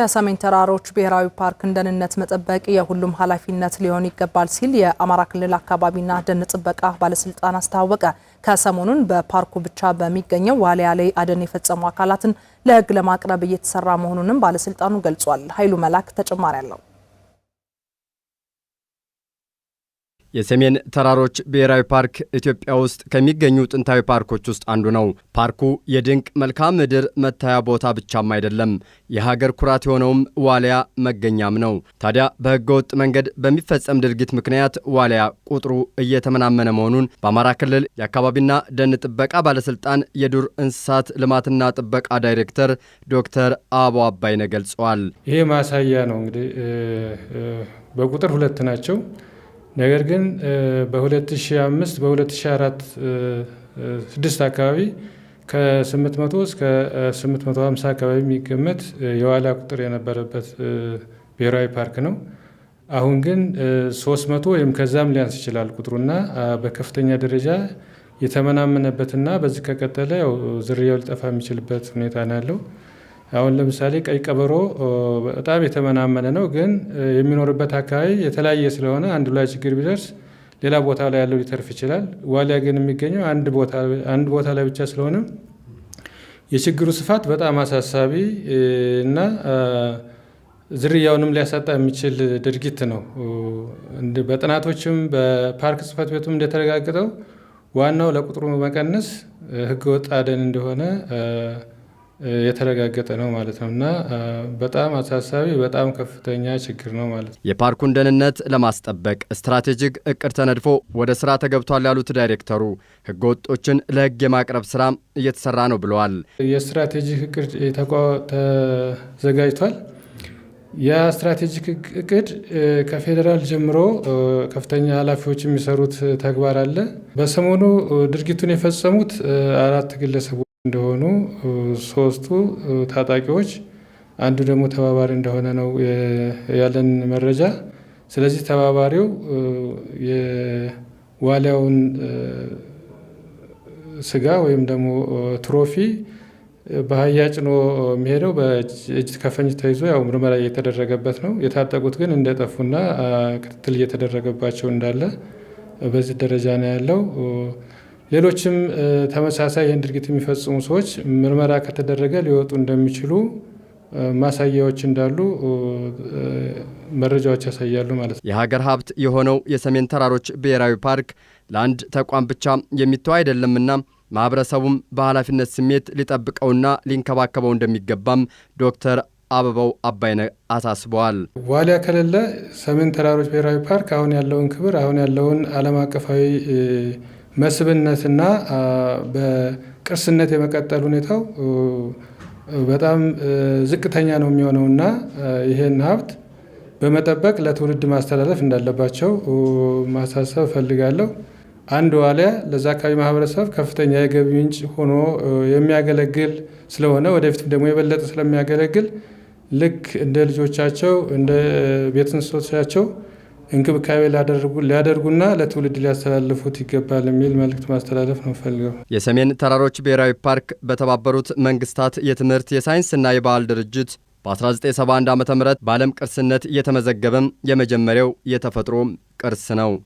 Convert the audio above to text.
የሰሜን ተራሮች ብሔራዊ ፓርክን ደህንነት መጠበቅ የሁሉም ኃላፊነት ሊሆን ይገባል ሲል የአማራ ክልል አካባቢና ደን ጥበቃ ባለስልጣን አስታወቀ። ከሰሞኑን በፓርኩ ብቻ በሚገኘው ዋልያ ላይ አደን የፈጸሙ አካላትን ለሕግ ለማቅረብ እየተሰራ መሆኑንም ባለስልጣኑ ገልጿል። ኃይሉ መላክ ተጨማሪ አለው። የሰሜን ተራሮች ብሔራዊ ፓርክ ኢትዮጵያ ውስጥ ከሚገኙ ጥንታዊ ፓርኮች ውስጥ አንዱ ነው። ፓርኩ የድንቅ መልክዓ ምድር መታያ ቦታ ብቻም አይደለም፣ የሀገር ኩራት የሆነውም ዋልያ መገኛም ነው። ታዲያ በህገወጥ መንገድ በሚፈጸም ድርጊት ምክንያት ዋልያ ቁጥሩ እየተመናመነ መሆኑን በአማራ ክልል የአካባቢና ደን ጥበቃ ባለስልጣን የዱር እንስሳት ልማትና ጥበቃ ዳይሬክተር ዶክተር አቦ አባይነ ገልጸዋል። ይሄ ማሳያ ነው እንግዲህ በቁጥር ሁለት ናቸው ነገር ግን በ2005 በ2004 ስድስት አካባቢ ከ800 እስከ 850 አካባቢ የሚገመት የዋላ ቁጥር የነበረበት ብሔራዊ ፓርክ ነው። አሁን ግን 300 ወይም ከዛም ሊያንስ ይችላል ቁጥሩና በከፍተኛ ደረጃ የተመናመነበትና በዚህ ከቀጠለ ያው ዝርያው ሊጠፋ የሚችልበት ሁኔታ ነው ያለው። አሁን ለምሳሌ ቀይ ቀበሮ በጣም የተመናመነ ነው፣ ግን የሚኖርበት አካባቢ የተለያየ ስለሆነ አንዱ ላይ ችግር ቢደርስ ሌላ ቦታ ላይ ያለው ሊተርፍ ይችላል። ዋሊያ ግን የሚገኘው አንድ ቦታ ላይ ብቻ ስለሆነ የችግሩ ስፋት በጣም አሳሳቢ እና ዝርያውንም ሊያሳጣ የሚችል ድርጊት ነው። በጥናቶችም በፓርክ ጽህፈት ቤቱም እንደተረጋገጠው ዋናው ለቁጥሩ መቀነስ ህገወጥ አደን እንደሆነ የተረጋገጠ ነው ማለት ነው እና በጣም አሳሳቢ በጣም ከፍተኛ ችግር ነው ማለት ነው። የፓርኩን ደህንነት ለማስጠበቅ ስትራቴጂክ እቅድ ተነድፎ ወደ ስራ ተገብቷል ያሉት ዳይሬክተሩ ህገ ወጦችን ለህግ የማቅረብ ስራ እየተሰራ ነው ብለዋል። የስትራቴጂክ እቅድ ተዘጋጅቷል። ያ ስትራቴጂክ እቅድ ከፌዴራል ጀምሮ ከፍተኛ ኃላፊዎች የሚሰሩት ተግባር አለ። በሰሞኑ ድርጊቱን የፈጸሙት አራት ግለሰቦች እንደሆኑ ሶስቱ ታጣቂዎች አንዱ ደግሞ ተባባሪ እንደሆነ ነው ያለን መረጃ። ስለዚህ ተባባሪው የዋሊያውን ስጋ ወይም ደግሞ ትሮፊ በአህያ ጭኖ የሚሄደው በእጅ ከፈንጅ ተይዞ ያው ምርመራ እየተደረገበት ነው። የታጠቁት ግን እንደጠፉና ክትትል እየተደረገባቸው እንዳለ በዚህ ደረጃ ነው ያለው። ሌሎችም ተመሳሳይ ይህን ድርጊት የሚፈጽሙ ሰዎች ምርመራ ከተደረገ ሊወጡ እንደሚችሉ ማሳያዎች እንዳሉ መረጃዎች ያሳያሉ ማለት ነው። የሀገር ሀብት የሆነው የሰሜን ተራሮች ብሔራዊ ፓርክ ለአንድ ተቋም ብቻ የሚተው አይደለምና ማህበረሰቡም በኃላፊነት ስሜት ሊጠብቀውና ሊንከባከበው እንደሚገባም ዶክተር አበባው አባይነ አሳስበዋል። ዋሊያ ከሌለ ሰሜን ተራሮች ብሔራዊ ፓርክ አሁን ያለውን ክብር አሁን ያለውን ዓለም አቀፋዊ መስህብነትና በቅርስነት የመቀጠል ሁኔታው በጣም ዝቅተኛ ነው የሚሆነውና ይሄን ሀብት በመጠበቅ ለትውልድ ማስተላለፍ እንዳለባቸው ማሳሰብ እፈልጋለሁ። አንድ ዋልያ ለዛ አካባቢ ማህበረሰብ ከፍተኛ የገቢ ምንጭ ሆኖ የሚያገለግል ስለሆነ ወደፊትም ደግሞ የበለጠ ስለሚያገለግል ልክ እንደ ልጆቻቸው እንደ ቤት እንስሶቻቸው እንክብካቤ ሊያደርጉና ለትውልድ ሊያስተላልፉት ይገባል የሚል መልእክት ማስተላለፍ ነው ፈልገው። የሰሜን ተራሮች ብሔራዊ ፓርክ በተባበሩት መንግስታት የትምህርት የሳይንስና የባህል ድርጅት በ1971 ዓ ም በዓለም ቅርስነት እየተመዘገበም የመጀመሪያው የተፈጥሮ ቅርስ ነው።